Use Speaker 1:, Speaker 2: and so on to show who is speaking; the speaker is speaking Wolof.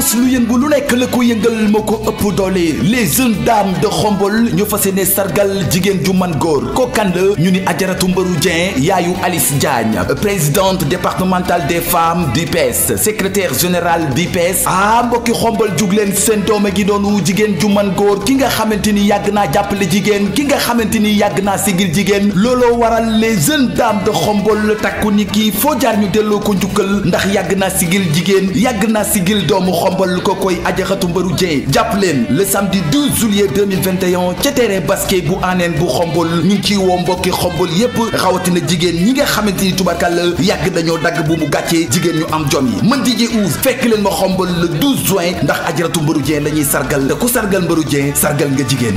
Speaker 1: tous lu yëngu lu nekk la ko yëngal ma ko ëpp doole les jeunes dames de Khombole ñu fas yéene sargal jigéen ju man góor kookan la ñu ni Ajaratu Mbaru Dieng yaayu Alice Diagne présidente départementale des femmes secretaire général bi d'IPES ah mbokki Khombole jug leen seen doome gi doonu jigéen ju man góor ki nga xamante ni yàgg naa jàppale jigéen ki nga xamante ni yàgg naa sigil jigéen looloo waral les jeunes dames de Khombole takku ni kii foo jaar ñu delloo ko njukkal ndax yàgg naa sigil jigéen yàgg naa sigil doomu Khombole xombal ko koy ajaxatu mbaru Dieng jàpp leen le samedi 12 juillet 2021 ca terrain basket bu aneen bu xombal ñu ngi woo mbokki xombal yépp rawatina jigéen ñi nga xamante ni tubarkàlla yàgg dañoo dagg bu mu gàccee jigéen ñu am jom yi mën DJ Ouz fekk leen ma xombal la 12 juin ndax ajaratu mbaru Dieng la ñuy sargal te ku sargal mbaru Dieng sargal nga jigéen